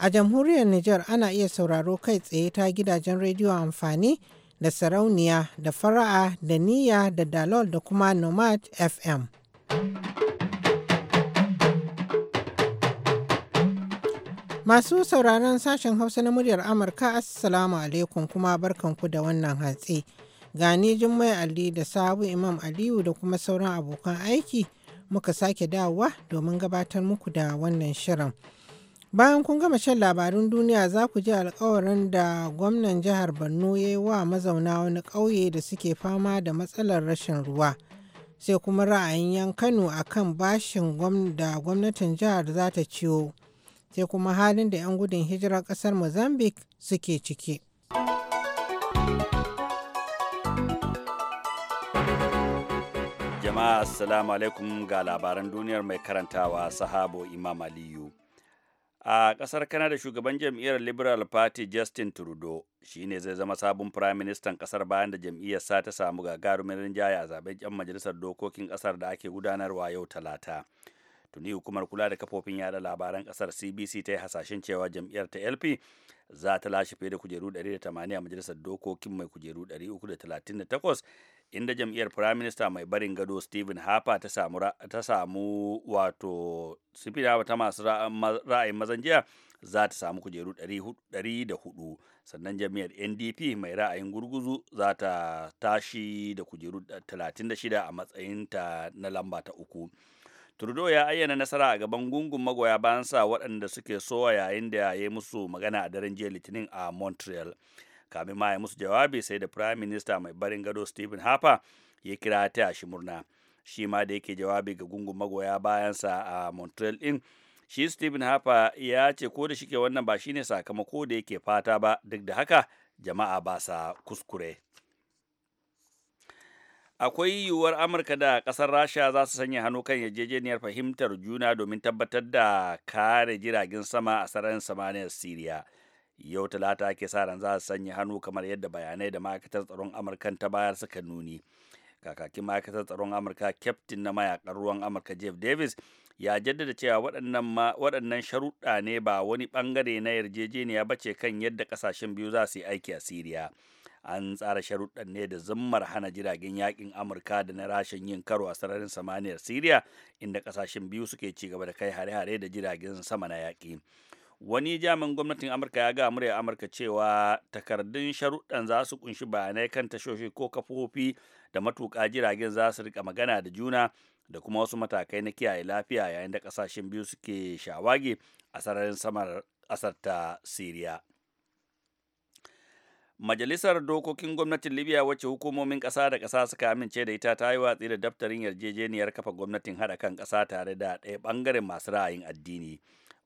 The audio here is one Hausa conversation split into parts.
A jamhuriyar Nijar ana iya sauraro kai tsaye ta gidajen rediyo amfani da sarauniya da fara'a da niyya da dalol da kuma nomad FM. Masu sauraron sashen Hausa na muryar Amurka Assalamu alaikum kuma barkanku da wannan hatsi. Gani Jummai Ali da Sabu Imam Aliyu da kuma sauran abokan aiki muka sake dawowa domin gabatar muku da wannan shirin. Bayan kun gama shan labarun duniya za ku ji alkawarin da gwamnan jihar Borno ya wa mazauna wani ƙauye da suke fama da matsalar rashin ruwa. Sai kuma ra'ayin yan Kano a kan bashin da gwamnatin jihar za ta ciwo. Sai kuma halin da 'yan gudun hijirar ƙasar Mozambique suke ciki. jama'a assalamu alaikum ga labaran duniyar mai karantawa sahabo imam aliyu a ƙasar kanada shugaban jam'iyyar liberal party justin trudeau ne zai zama sabon firaministan ƙasar bayan da jam'iyyar sa ta samu gagarumin rinjaye a zaben 'yan majalisar dokokin ƙasar da ake gudanarwa yau talata tuni hukumar kula da kafofin yada labaran ƙasar cbc ta yi hasashen cewa jam'iyyar ta lp za ta lashe fiye da kujeru 180 a majalisar dokokin mai kujeru 338 inda jam'iyyar firaminista mai barin gado stephen harper ta samu wato sifirawa ta masu ra'ayin mazan jiya za ta samu kujeru 404 sannan jam'iyyar ndp mai ra'ayin gurguzu za ta tashi da kujeru 36 a matsayin ta na lamba ta uku Trudeau ya ayyana nasara a gaban gungun magoya bayansa waɗanda suke soa yayin da ya yi musu magana a daren jiya Litinin a Montreal. kamin ma ya musu jawabi sai da prime minister mai barin gado stephen harper ya kira ta shi murna shi ma da yake jawabi ga gungun magoya bayansa a montreal din shi stephen harper ya ce ko da shike wannan ba shi ne sakamako da yake fata ba duk da haka jama'a ba sa kuskure akwai yiwuwar amurka da kasar rasha za su sanya hannu kan yarjejeniyar fahimtar juna domin tabbatar da kare jiragen sama a sararin samaniyar siriya yau talata ake sa ran za su sanya hannu kamar yadda bayanai da ma'aikatar tsaron amurka ta bayar suka nuni kakakin ma'aikatar tsaron amurka kyaftin na mayakan ruwan amurka jeff davis ya jaddada cewa waɗannan sharuɗa ne ba wani ɓangare na yarjejeniya ba ce kan yadda ƙasashen biyu za su yi aiki a siriya an tsara sharuɗan ne da zummar hana jiragen yaƙin amurka da na rashin yin karo a sararin samaniyar siriya inda ƙasashen biyu suke ci gaba da kai hare-hare da jiragen sama na yaƙi wani jami'in gwamnatin amurka ya ga murya amurka cewa takardun sharuɗan za su kunshi bayanai kan tashoshi ko kafofi da matuƙa jiragen za su rika magana da juna da kuma wasu matakai na kiyaye lafiya yayin da ƙasashen biyu suke shawage a sararin samar ƙasar ta siriya Majalisar Dokokin Gwamnatin Libya wacce hukumomin ƙasa da ƙasa suka amince da ita ta yi watsi da daftarin yarjejeniyar kafa gwamnatin haɗa kan ƙasa tare da ɗaya ɓangaren masu ra'ayin addini.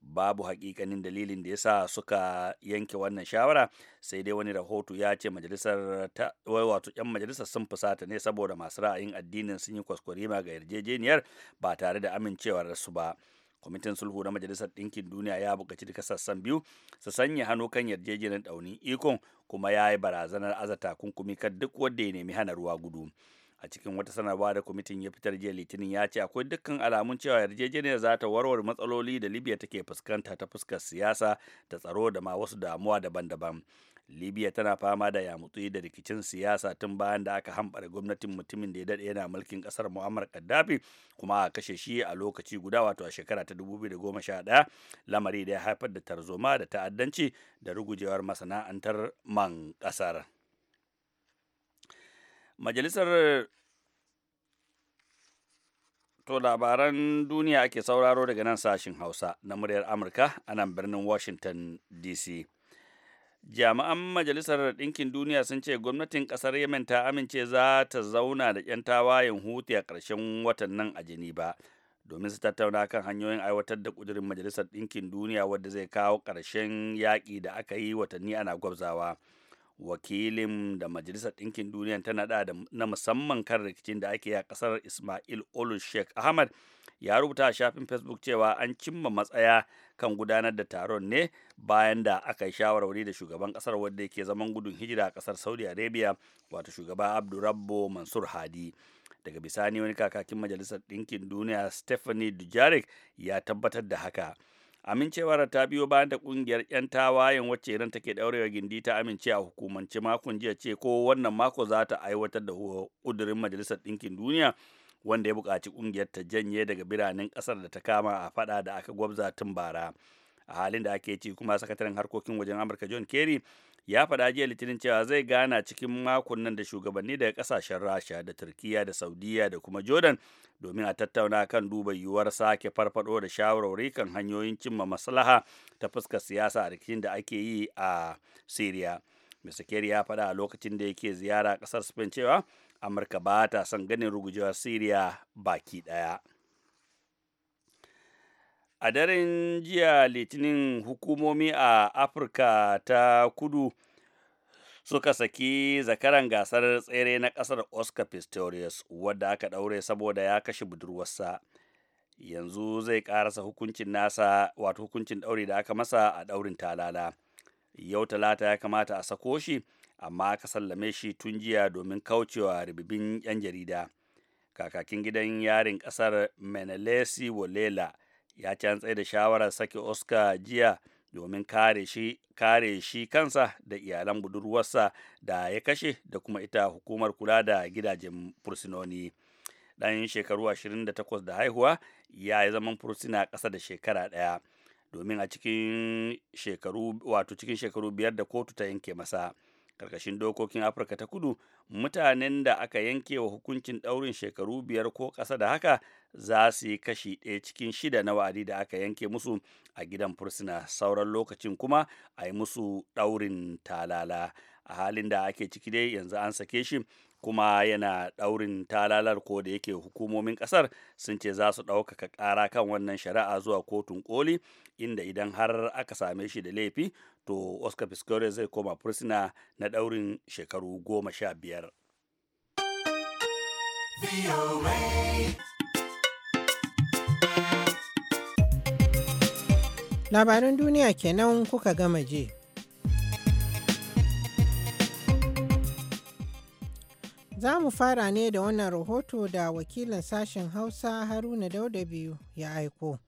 babu hakikanin dalilin da ya sa suka yanke wannan shawara sai dai wani rahoto ya ce majalisar wato yan majalisar sun fusata ne saboda masu ra'ayin addinin sun yi kwaskwarima ga yarjejeniyar ba tare da amincewar su ba kwamitin sulhu na majalisar ɗinkin duniya ya buƙaci duka sassan biyu su sanya hannu kan yarjejeniyar ɗaunin ikon kuma ya yi barazanar aza takunkumi kan duk wanda ya nemi hana ruwa gudu a cikin wata sanarwa da kwamitin ya fitar jiya litinin ya ce akwai dukkan alamun cewa yarjejeniyar za ta warware matsaloli da libya take fuskanta ta fuskar siyasa ta tsaro da ma wasu damuwa daban-daban libya tana fama da yamutsi da rikicin siyasa tun bayan da aka hambara gwamnatin mutumin da ya daɗe yana mulkin ƙasar muammar gaddafi kuma a kashe shi a lokaci guda wato a shekara ta 2011 lamari da ya haifar da tarzoma da ta'addanci da rugujewar masana'antar man ƙasar. Majalisar To labaran duniya ake sauraro daga nan sashin Hausa na muryar Amurka a nan birnin Washington DC. Jami'an Majalisar Ɗinkin Duniya sun ce gwamnatin ƙasar Yemen ta amince za ta zauna da 'yan tawayen hutu a ƙarshen watan nan a Geneva domin su tattauna kan hanyoyin aiwatar da ƙudurin Majalisar Ɗinkin Duniya wadda zai kawo ƙarshen yaƙi da aka yi watanni ana gwabzawa. wakilin da majalisar ɗinkin duniya ta naɗa na musamman kan rikicin da ake yi a ƙasar ismail olu sheikh ahmad ya rubuta a shafin facebook cewa an cimma matsaya kan gudanar da taron ne bayan da aka yi shawarwari da shugaban ƙasar wadda yake zaman gudun hijira a ƙasar saudi arabia wato shugaba abdurabbo mansur hadi daga bisani wani kakakin majalisar ɗinkin duniya stephanie dujarik ya tabbatar da haka amincewar ta biyo bayan da kungiyar 'yan tawayen wacce ran take daurewa gindi ta amince a hukumance makon jiya ce ko wannan mako za ta aiwatar da kudurin majalisar ɗinkin duniya wanda ya buƙaci kungiyar ta janye daga biranen ƙasar da ta kama a faɗa da aka gwabza tun bara a halin da ake ci kuma sakataren harkokin wajen amurka john kerry ya faɗa jiya litinin cewa zai gana cikin makon nan da shugabanni daga ƙasashen rasha da turkiya da saudiya da kuma jordan domin a tattauna kan duba yiwuwar sake farfaɗo da shawarwari kan hanyoyin cimma maslaha ta fuskar siyasa a rikicin da ake yi a syria kerry ya faɗa a lokacin da yake ziyara ƙasar spain cewa amurka ba ta son ganin rugujewar syria baki ɗaya A daren jiya Litinin hukumomi a Afirka ta kudu suka saki zakaran gasar tsere na ƙasar Oscar Pistorius wadda aka ɗaure saboda ya kashe budurwarsa. Yanzu zai ƙarasa hukuncin nasa wato hukuncin ɗauri da aka masa a ɗaurin talala. Yau talata ya kamata a sako shi amma aka sallame shi tun jiya domin kaucewa ribibin 'yan jarida. Kakakin gidan yarin ƙasar Menelesi Wolela ya ci an da shawarar sake oscar jiya domin kare shi kare shi kansa da iyalan budurwarsa da ya kashe da kuma ita hukumar kula da gidajen fursunoni ɗan shekaru 28 da haihuwa ya yi zaman fursuna ƙasa da shekara ɗaya domin a wato cikin shekaru biyar da kotu ta yanke masa karkashin dokokin afirka ta kudu mutanen da aka yanke wa hukuncin ɗaurin shekaru biyar ko ƙasa da haka za su yi kashi ɗaya cikin shida na wa'adi da aka yanke musu a gidan fursuna sauran lokacin kuma a yi musu ɗaurin talala a halin da ake ciki dai yanzu an sake shi kuma yana daurin talalar ko da yake hukumomin ƙasar sun ce za su ɗaukaka ƙara kan wannan shari'a zuwa kotun koli inda idan har aka same shi da laifi to oscar pistorius zai koma fursuna na ɗaurin shekaru goma sha biyar labaran duniya kenan kuka gama je za mu fara ne da wannan rahoto da wakilin sashen hausa haruna dauda biyu ya aiko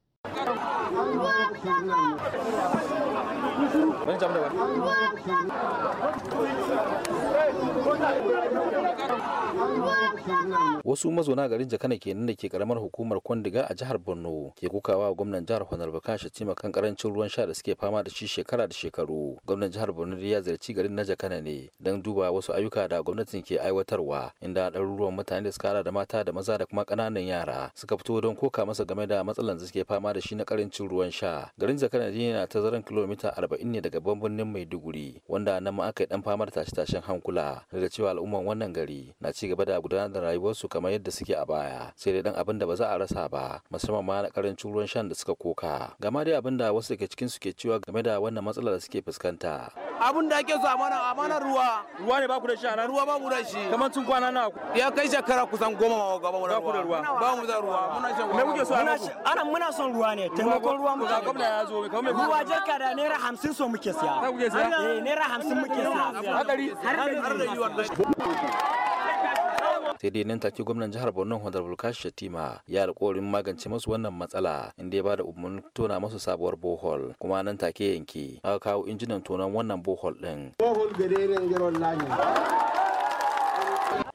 Wasu mazauna garin Jakana kenan da ke karamar hukumar Kwandiga a jihar Borno ke kukawa gwamnan jihar Honar Bakashi cima kan karancin ruwan sha da suke fama da shi shekara da shekaru. Gwamnan jihar Borno ya ziyarci garin na Jakana ne don duba wasu ayyuka da gwamnatin ke aiwatarwa inda ɗaruruwan mutane da suka da mata da maza da kuma ƙananan yara suka fito don koka masa game da matsalan da suke fama da shi na karancin karancin ruwan sha garin zakanadi yana tazaran kilomita arba'in ne daga birnin maiduguri wanda nan ma aka yi dan famar tashe-tashen hankula daga cewa al'umman wannan gari na ci gaba da gudanar da rayuwarsu kamar yadda suke a baya sai dai dan abin da ba za a rasa ba musamman ma na karancin ruwan shan da suka koka gama dai abin da wasu daga cikin su ke cewa game da wannan matsala da suke fuskanta abin da ake so amana amana ruwa ruwa ne ba ku da shi ana ruwa ba mu da shi kamar tun kwana nawa ya kai shekara kusan goma ma ba mu da ruwa ba mu da ruwa muna shan ruwa muna son ruwa ne taimako ko ruwa da naira 50 muke siya eh sai dai nan take gwamnan jihar borno honorable Bulkashi shatima ya alƙawarin magance masu wannan matsala inda ya ba da umarnin tona masu sabuwar bohol kuma nan take yanke aka kawo injinan tonon wannan bohol ɗin. bohol gare ne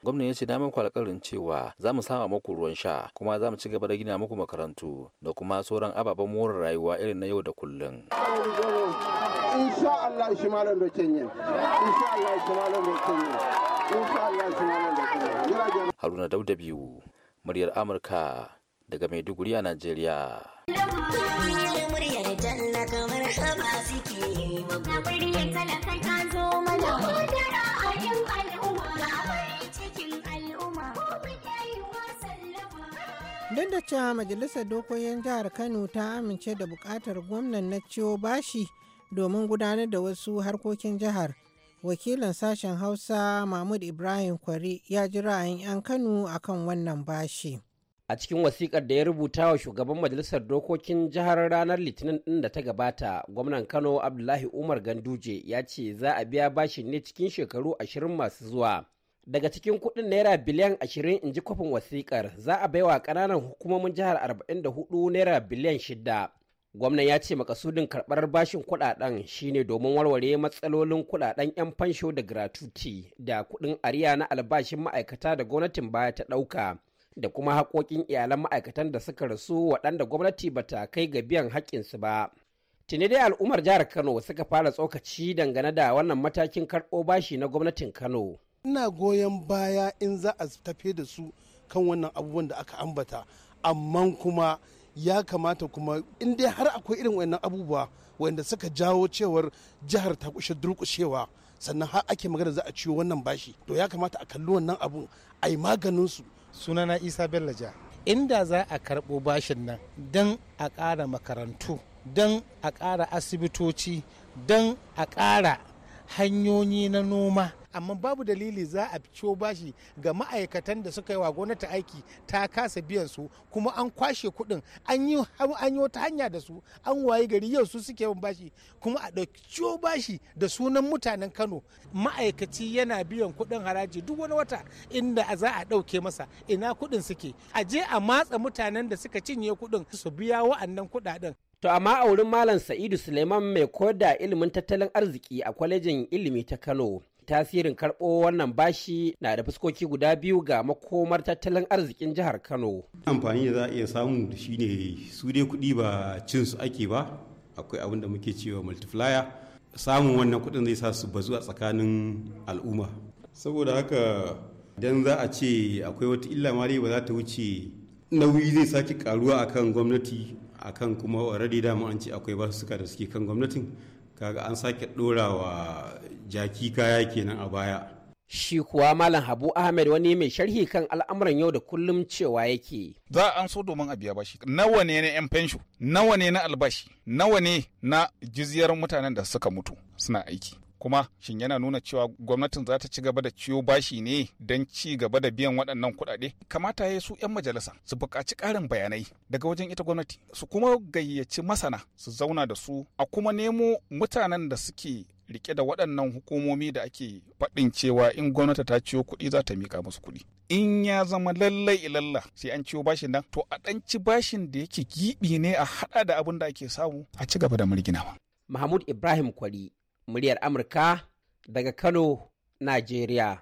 gwamnan ya ce na muku alƙarin cewa za mu sama muku ruwan sha kuma za mu ci gaba da gina muku makarantu da kuma sauran ababen more rayuwa irin na yau da kullum. Haruna Dauda biyu muryar Amurka daga Maiduguri a Najeriya. Muryar kamar haba suke duk da majalisar dokokin jihar kano ta amince da bukatar gwamnan na ciwo bashi domin gudanar da wasu harkokin jihar wakilin sashen hausa mahmud ibrahim kwari ya ji ra'ayin 'yan kano akan wannan bashi a cikin wasikar da ya rubuta wa shugaban majalisar dokokin jihar ranar litinin din da ta gabata gwamnan kano abdullahi umar ganduje ya ce za a biya bashin ne cikin shekaru ashirin masu zuwa daga cikin kuɗin naira biliyan 20 in ji kwafin wasikar za a baiwa ƙananan hukumomin jihar 44 naira biliyan 6 gwamnan ya ce makasudin karɓar bashin kuɗaɗen shine domin warware matsalolin kuɗaɗen 'yan fansho da gratuti da kuɗin ariya na albashin ma'aikata da gwamnatin baya ta ɗauka da kuma haƙoƙin iyalan ma'aikatan da suka rasu waɗanda gwamnati ba ta kai ga biyan haƙƙinsu ba tuni dai al'ummar jihar kano suka fara tsokaci dangane da wannan matakin karɓo bashi na gwamnatin kano ina goyon baya in za a tafi da su kan wannan abubuwan da aka ambata amma kuma ya kamata kuma in dai har akwai irin wannan abubuwa wanda suka jawo cewar jihar ta kushe durkushewa sannan har ake magana za a ciwo wannan bashi to ya kamata a kalli wannan abu a yi maganin su sunana isa bellaja inda za a karɓo bashin nan don a ƙara makarantu don a ƙara asibitoci don a ƙara hanyoyi na noma amma babu dalili za a ciwo bashi ga ma'aikatan da suka yi wa gwamnati aiki ta kasa biyan su kuma an kwashe kuɗin an yi wata hanya da su an wayi gari yau su suke yin bashi kuma a ɗauki ciwo bashi da sunan mutanen Kano ma'aikaci yana biyan kuɗin haraji duk wani wata inda za a ɗauke masa ina kuɗin suke a je a matsa mutanen da suka cinye kuɗin su biya wa'annan kuɗaɗen To amma a wurin Malam Sa'idu Suleiman mai koda ilimin tattalin arziki a kwalejin ilimi ta Kano, tasirin karɓo wannan bashi na da fuskoki guda biyu ga makomar tattalin arzikin jihar Kano. Amfani da za a iya samu shine su dai kuɗi ba cin su ake ba akwai abin da muke cewa multiplier samun wannan kuɗin zai sa su bazu a tsakanin al'umma saboda haka idan za a ce akwai wata illa ma ba za ta wuce nauyi zai sake karuwa akan gwamnati akan kuma already dama an ce akwai basu suka da suke kan gwamnatin kaga an sake ɗorawa jaki kaya kenan a baya shi kuwa malam habu ahmed wani mai sharhi kan al'amuran yau da kullum cewa yake za a so domin a biya bashi nawa ne yan fensho nawa ne na albashi nawa ne na jiziyar mutanen da suka mutu suna aiki kuma shin yana nuna cewa gwamnatin za ta ci gaba da ciyo bashi ne don ci gaba da biyan waɗannan kuɗaɗe kamata ya su 'yan majalisa su buƙaci ƙarin bayanai daga wajen ita gwamnati su kuma gayyaci masana su zauna da su a kuma nemo mutanen da suke rike da waɗannan hukumomi da ake faɗin cewa in gwamnati ta ciyo kuɗi za ta miƙa musu kuɗi in ya zama lallai ilalla sai an ciyo bashin nan to a ɗan ci bashin da yake giɓi ne a haɗa da abin da ake samu a ci gaba da murginawa. Mahmud Ibrahim Kwari muryar Amurka daga Kano, Najeriya.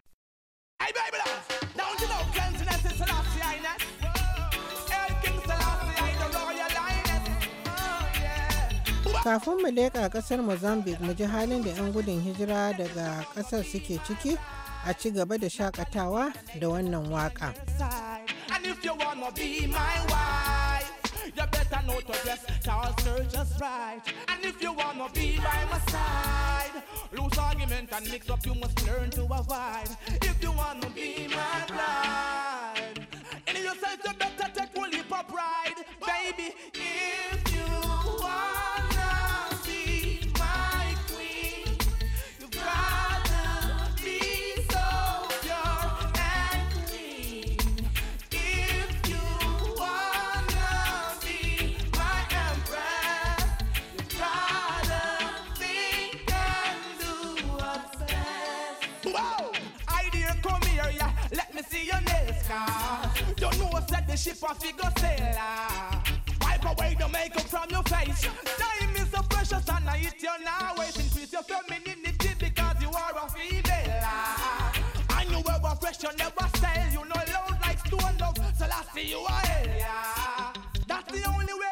kafin mu leƙa ƙasar mozambique mu ji halin da 'yan gudun hijira daga ƙasar suke ciki a ci gaba da shakatawa da wannan waka Baby, if You know I that the ship a figure sailor. Wipe away the makeup from your face. Time is so precious and I hit you now. increase your femininity because you are a female. And you ever fresh, you never sell. You know, love like stone love. So see you are hell, yeah. That's the only way.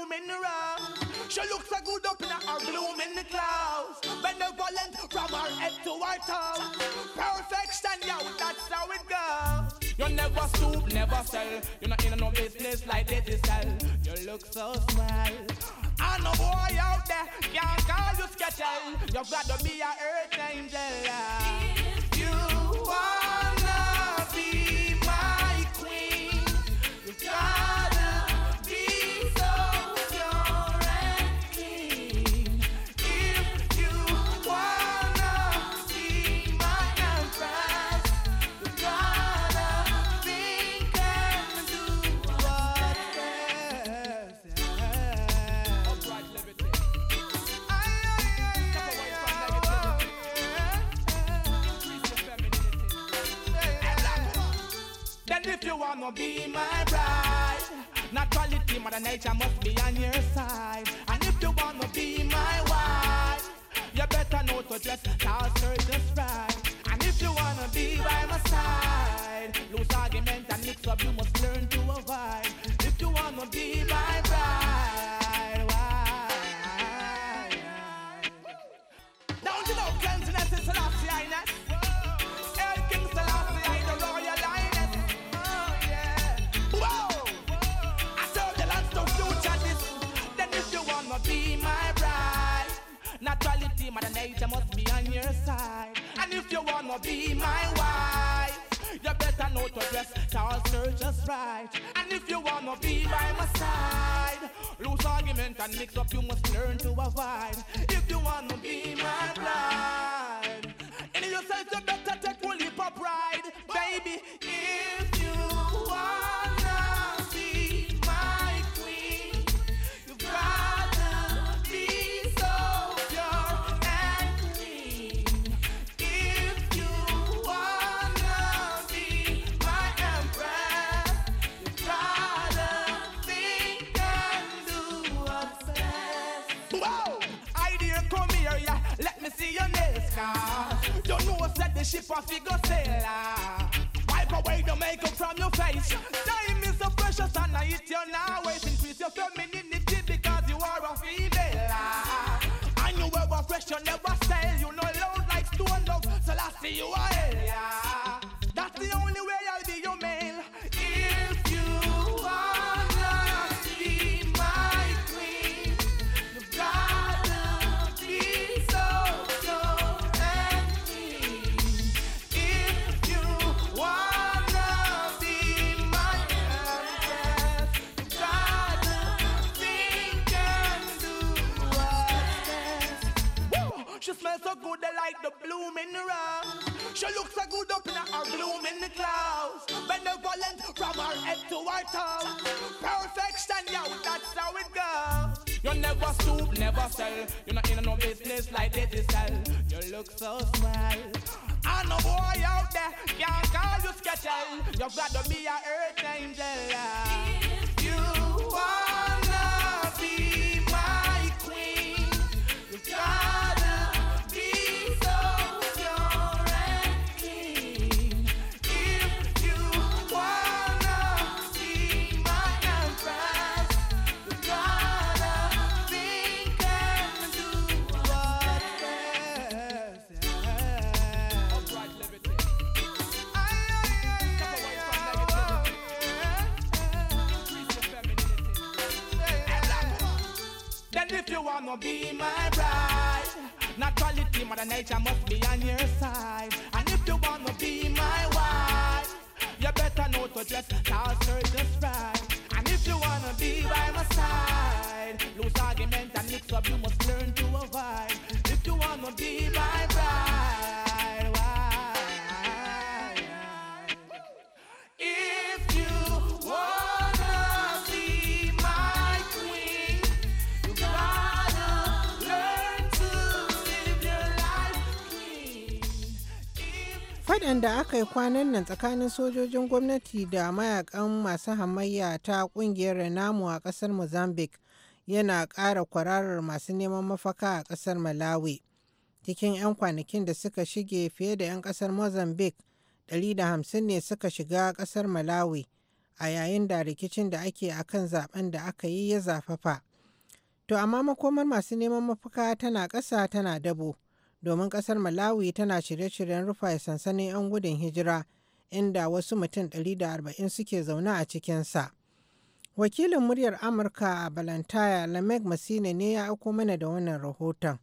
blooming rose. She looks so good up in her blooming clothes. Benevolent from her head to her toes. Perfection, yo, that's how it goes. You never stoop, never sell. You're not in no business like they sell. You look so swell. I know boy out there can't call you sketchy. You gotta be a earth angel. You are. gonna be my bride. Naturality, Mother Nature must be on your side. And if you wanna be my wife, you better know to dress cause her just right. And if you wanna be by my side, lose argument and mix up, you must learn to avoid. If you wanna be my wife, you better know to dress tall, sir, just right. And if you wanna be by my side, lose argument and mix up, you must learn to avoid. If you wanna be my bride. the ship of go sailor. Wipe away the makeup from your face. Time is so precious and I hit you now. Always increase your femininity because you are a female. And you wear a fresh, you never sell. You know, love like stone love. So I see you are. so good, they like the blooming rose. She looks so good up in her blooming clothes. Benevolent from her head to her toes. Perfection, yo, that's how it goes. You never stoop, never sell. You're not in no business like they sell. You look so swell. I know boy out there can't call you sketchy. You gotta be a earth angel. But if you wanna be my bride, naturality, mother nature must be on your side. And if you wanna be my wife, you better know to dress cause her just right. And if you wanna be by my side, lose argument and mix up, you must learn to avoid. Waɗanda da aka yi kwanan nan tsakanin sojojin gwamnati da mayakan masu hamayya ta ƙungiyar renamu a ƙasar mozambique yana ƙara kwararar masu neman mafaka a ƙasar malawi cikin 'yan kwanakin da suka shige fiye da 'yan ƙasar mozambique 150 ne suka shiga ƙasar malawi a yayin da rikicin da ake a kan zaben da aka yi ya zafafa to amma makomar masu neman mafaka tana ƙasa tana dabo domin ƙasar Malawi tana shirye-shiryen rufe sansanin 'yan gudun hijira inda wasu mutum 140 suke zaune a cikinsa. Wakilin muryar Amurka a Balantaya Lamek Masina ne ya aiko mana da wannan rahoton.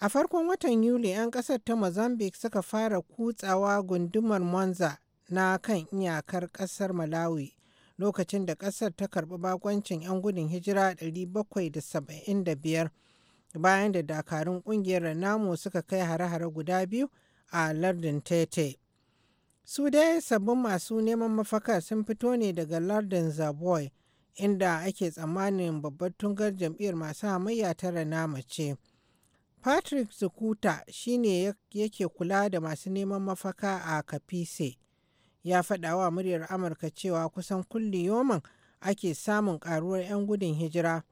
A farkon watan Yuli 'yan ƙasar ta Mozambique suka fara kutsawa gundumar Monza na kan iyakar ƙasar Malawi lokacin da ƙasar ta karbi bakoncin 'yan gudun hijira 775 bayan da dakarun kungiyar ranamu suka kai hare-hare guda biyu a lardin tete su dai sabbin masu neman mafaka sun fito ne daga lardin zaboy inda ake tsammanin babbar tungar jam'iyyar masu hamayya ta renamo ce patrick zukuta shine yake kula da masu neman mafaka a kapise ya faɗa wa muryar amurka cewa kusan kulli yoman ake samun ƙaruwar 'yan gudun hijira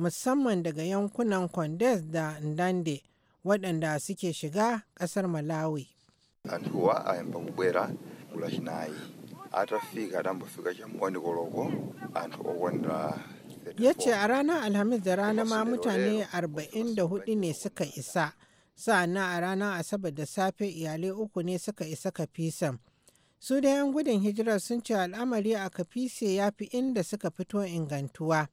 musamman daga yankunan Kondes da Ndande waɗanda suke shiga ƙasar Malawi. Ya ce a ranar Alhamis da rana ma mutane 44 ne suka isa, sannan a ranar Asabar da safe iyalai uku ne suka isa kafisan Su da 'yan gudun hijirar sun ce al'amari a Kafise ya fi inda suka fito ingantuwa.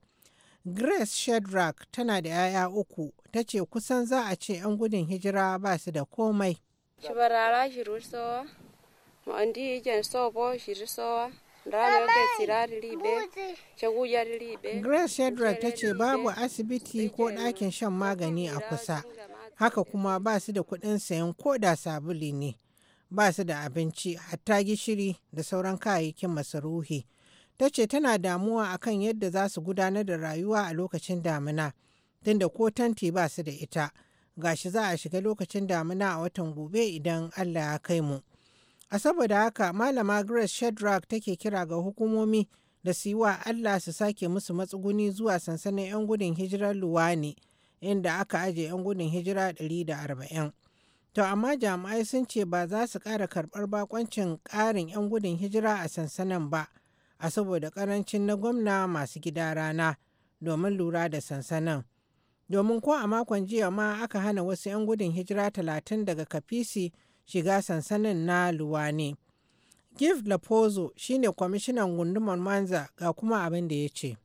Grace Shadrack tana da 'ya'ya uku, ta ce kusan za a ce 'yan gudun hijira ba su da komai. Shibarara rusowa, ma'andi sobo ribe. Grace Shadrack ta ce babu asibiti ko ɗakin shan magani a kusa, haka kuma ba su da kuɗin sayan koda sabuli ne, ba su da abinci, hatta gishiri da sauran kayayyakin masarufi. ta ce tana damuwa a kan yadda za su gudanar da rayuwa a lokacin damina tunda ko tanti ba su da ita gashi za a shiga lokacin damina a watan gobe idan allah ya kai mu a saboda haka malama grace shadrack take kira ga hukumomi da su yi wa allah su sake musu matsuguni zuwa sansanin 'yan gudun hijirar luwani inda aka aje 'yan gudun hijira 140 to amma jami'ai sun ce ba za su ƙara karɓar bakoncin ƙarin 'yan gudun hijira a sansanin ba. a saboda karancin na gwamna masu gida rana domin lura da sansanin. Domin ko a makon jiya ma aka hana wasu 'yan gudun hijira talatin daga Kafisi shiga sansanin na Luwane. Give Lapozo shine kwamishinan gundumar Manza ga kuma abin da ya ce.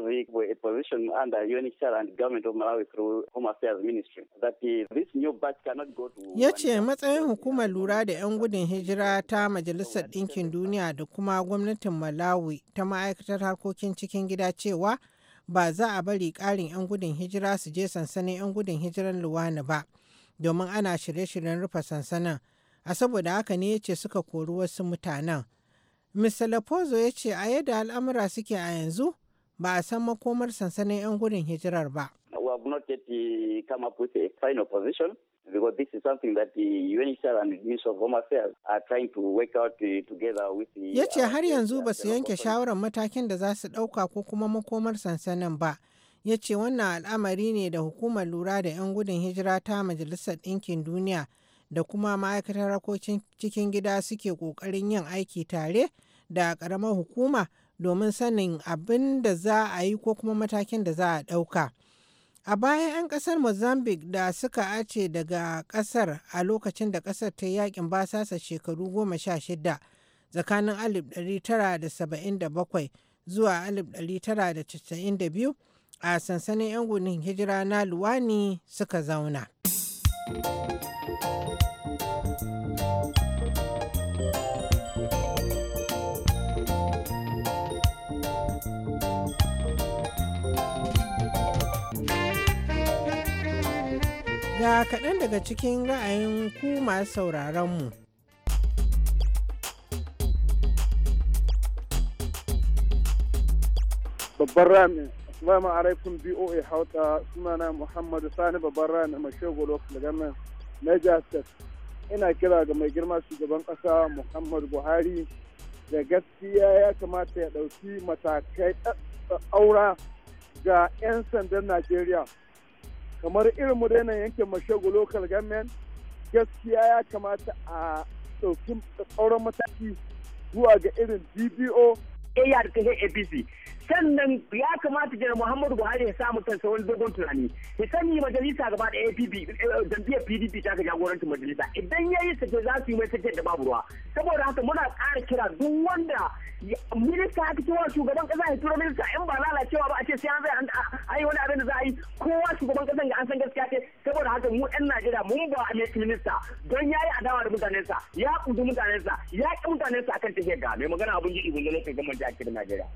the position under UNHCR and government of Malawi through Home Affairs Ministry that this new batch cannot go to Ya ce matsayin hukumar lura da 'yan gudun hijira ta Majalisar Ɗinkin Duniya da kuma gwamnatin Malawi ta ma'aikatar harkokin cikin gida cewa ba za a bari ƙarin 'yan gudun hijira su je sansanin 'yan gudun hijiran Luwani ba domin ana shirye-shiryen rufe sansanin. A saboda haka ne ya ce suka kori wasu mutanen. Mr. Lapozo ya ce a yadda al'amura suke a yanzu ba a san makomar sansanin 'yan gudun hijirar ba. Eh, eh, ya ce uh, har yanzu ba su yanke shawarar matakin da za su ɗauka ko kuma makomar sansanin ba. Ya ce wannan al'amari ne da hukumar lura da 'yan gudun hijira ta Majalisar Ɗinkin Duniya da kuma ma'aikatar harkokin cikin gida suke ƙoƙarin yin aiki tare da ƙaramar hukuma domin sanin abin da za a yi ko kuma matakin da za a ɗauka. A baya 'yan ƙasar Mozambique da suka ace daga ƙasar a lokacin da ƙasar ta yakin basasa shekaru goma sha shida tsakanin 1977 zuwa 1992 a sansanin 'yan gudun hijira na Luwani suka zauna. Ga kaɗan daga cikin ra'ayin ku masu sauraronmu. mu. babban rami assalamu alaikum boa hauta sunana muhammadu sani babban rami mai shagolo daga na state ina kira ga mai girma shugaban ƙasa muhammadu buhari da gaskiya ya kamata ya ɗauki matakai aura ga 'yan sandan najeriya kamar irin mu da yankin mashago local government gaskiya ya kamata a ɗauki tsauran mataki zuwa ga irin dbo AR ta sannan ya kamata jira muhammadu buhari ya samu kansa wani dogon tunani ya sani majalisa gaba da apb eh, jam'iyyar pdp ta ga jagorancin majalisa idan ya yi sake za su yi mai sake da babu ruwa saboda haka muna ƙara kira duk wanda minista haka cewa shugaban kasa ya tura minista in ba lalacewa ba a ce sai an zai a yi wani abin da za a yi kowa shugaban kasan ga an san gaskiya ce saboda haka mu yan najeriya mun ba a minista don ya yi adawa da mutanensa ya kudu mutanensa ya ƙi mutanensa akan tafiyar da mai magana abin ji ibn lalata gaman gama a cikin najeriya.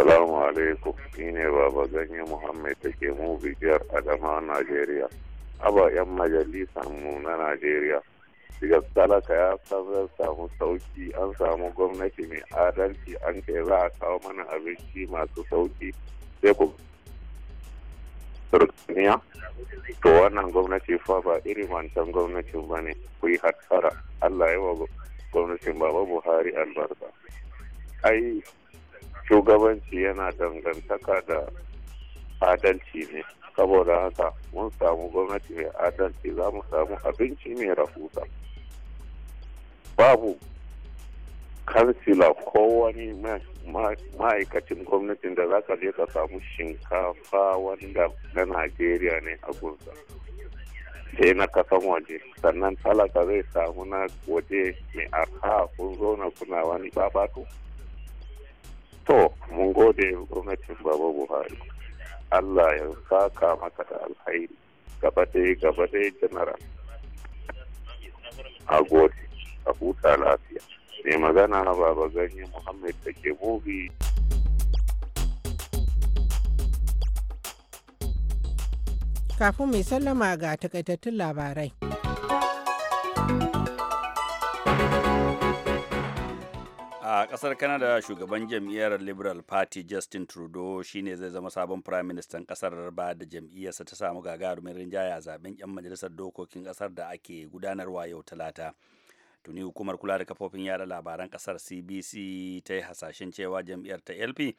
Assalamu alaikum, ni ne Baba Ganye Muhammad da ke mu bigiyar Adama Najeriya. Aba 'yan majalisar mu na Najeriya. Diga talaka ya sanar samu sauki an samu gwamnati mai adalci an kai za a kawo mana abinci masu sauki sai ku Turkaniya. To wannan gwamnati fa ba irin wancan gwamnatin ba ne ku yi hatsara. Allah yi wa gwamnatin Baba Buhari albarka. Ai shugabanci yana dangantaka da adalci ne saboda haka mun samu gwamnati mai adalci za mu samu abinci mai rahusa babu kansila ko wani ma'aikacin gwamnatin da za ka je ka samu shinkafa wanda na najeriya ne a gunsa sai na kasan waje sannan talaka zai samu na waje mai arha kun zo na kuna wani babatu To, mun gode gwamnatin Baba Buhari. Allah ya saka maka da alhairi. Gaba dai, gaba dai, General. A gode, a huta lafiya. Mai magana Baba Ganye Muhammad da ke bobi. Kafin mai sallama ga takaitattun labarai. a kasar canada shugaban jam'iyyar liberal party justin trudeau shine zai zama sabon prime minister kasar ba da jam'iyyarsa ta samu gagarumin rinjaya zaben 'yan majalisar dokokin kasar da ake gudanarwa yau talata tuni hukumar kula da kafofin yada labaran kasar cbc ta yi hasashen cewa jam'iyyar ta lp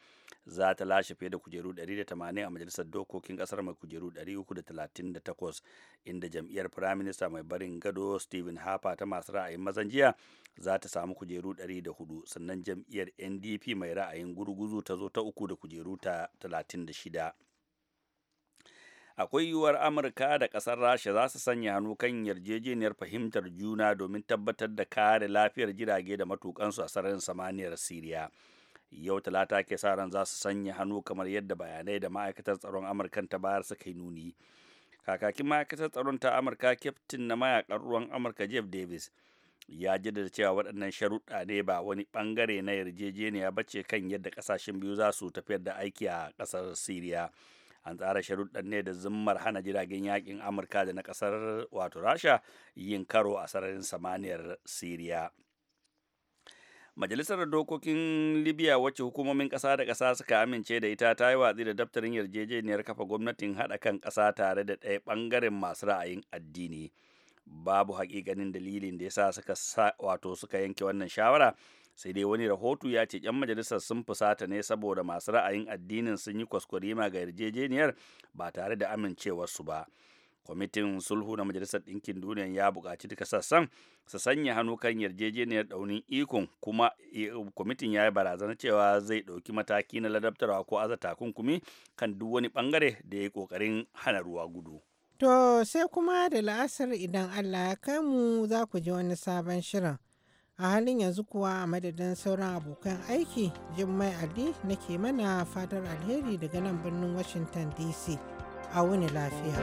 za ta lashe fiye da kujeru 180 a majalisar dokokin kasar mai kujeru 338 inda jam'iyyar firaminista mai barin gado stephen harper ta masu ra'ayin mazan jiya za ta samu kujeru 104 sannan jam'iyyar ndp mai ra'ayin gurguzu ta zo ta uku da kujeru ta 36 akwai yiwuwar amurka da ƙasar rasha za su sanya hannu kan yarjejeniyar fahimtar juna domin tabbatar da kare lafiyar jirage da matukansu a sararin samaniyar siriya yau talata ke sa ran za su sanya hannu kamar yadda bayanai da ma'aikatar tsaron amurkan ta bayar suka yi nuni kakakin ma'aikatar tsaron ta amurka kyaftin na mayakan ruwan amurka jeff davis ya jaddada cewa waɗannan sharuɗa ne ba wani ɓangare na yarjejeniya ba ce kan yadda ƙasashen biyu za su tafiyar da aiki a ƙasar siriya an tsara sharuɗan ne da zummar hana jiragen yakin amurka da na kasar wato rasha yin karo a sararin samaniyar siriya majalisar dokokin libya wacce hukumomin ƙasa da ƙasa suka amince da ita ta yi watsi da daftarin yarjejeniyar kafa gwamnatin haɗa kan ƙasa tare da ɗaya bangaren masu ra'ayin addini babu haƙiƙanin dalilin da ya sa suka wato suka yanke wannan shawara sai dai wani rahoto ya ce 'yan majalisar sun fusata ne saboda masu ra'ayin addinin sun yi kwaskwarima ga yarjejeniyar ba tare da amincewarsu ba kwamitin sulhu na majalisar ɗinkin duniya ya buƙaci duka sassan su sanya hannu kan yarjejeniyar ɗaunin ikon kuma eh, kwamitin ya yi barazana cewa zai ɗauki mataki na ladabtarwa ko aza takunkumi kan duk wani bangare da ya yi ƙoƙarin hana ruwa gudu to sai kuma da la'asar idan allah ya kai mu za ku ji wani sabon shirin a halin yanzu kuwa a madadin sauran abokan aiki jimmai ali nake mana fatar alheri daga nan birnin washington dc a wuni lafiya